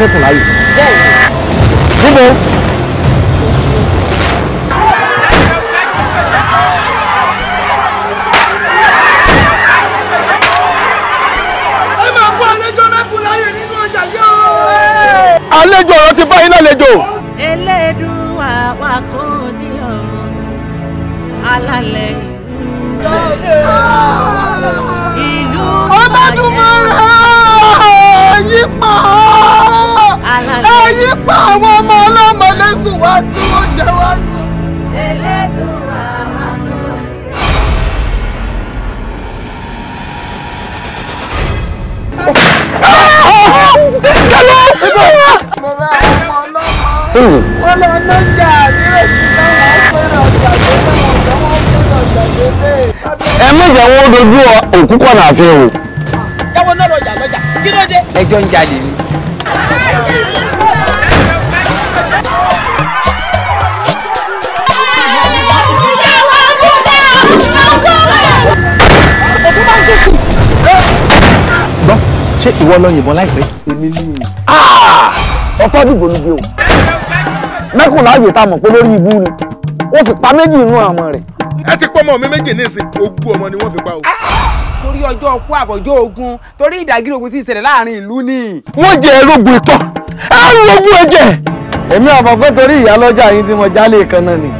mẹ́kùn láyè. níbo. àlejò ọ̀rọ̀ ti bá iná lejò. eléèdùn àwa kò ní ọ̀rọ̀ alálẹ̀ ìlú. ìlú bàjẹ́. pa àwọn ọmọ ọlọ́mọ lẹ́sùn wá tí wọ́n jẹ wá nù. Elédùà máa ń lọ. Mo bá ọmọ ọlọ́mọ wọn lọ lọ́jà nírètí lọ́wọ́ fẹ́ràn ọjà tó lọ́wọ́ lọ́wọ́ fẹ́ràn ọjà lélẹ̀. Ẹ mọ̀jà wọn dojú òkú kọ̀nà àfihàn o. Jáwọ́ náà lọ́jà lọ́jà kí ló dé? Ẹjọ́ ń jalè ni. ṣé ìwọ lọ yìnbọn láìpẹ́. èmi ni ah! ọ̀tọ̀ dìbò ló gbé o mẹ́kùnlá ààyè tá a mọ̀ pé lórí ibú ni ó sì pa méjì inú ọmọ rẹ̀. ẹ ti pọ́ ọmọ mi méjì nísìn ogún ọmọ ni wọ́n fi pa o. torí ọjọ́ ọkú àbọ̀jọ́ ogun torí ìdágìrì ogun tí ìṣẹ̀lẹ̀ láàrin ìlú ni. wọ́n jẹ erógun ikọ́ ẹ̀rù ogun ẹ̀jẹ̀. èmi àbọ̀ pé torí ìyálọ́jà yín tí mo jálè kan náà ni.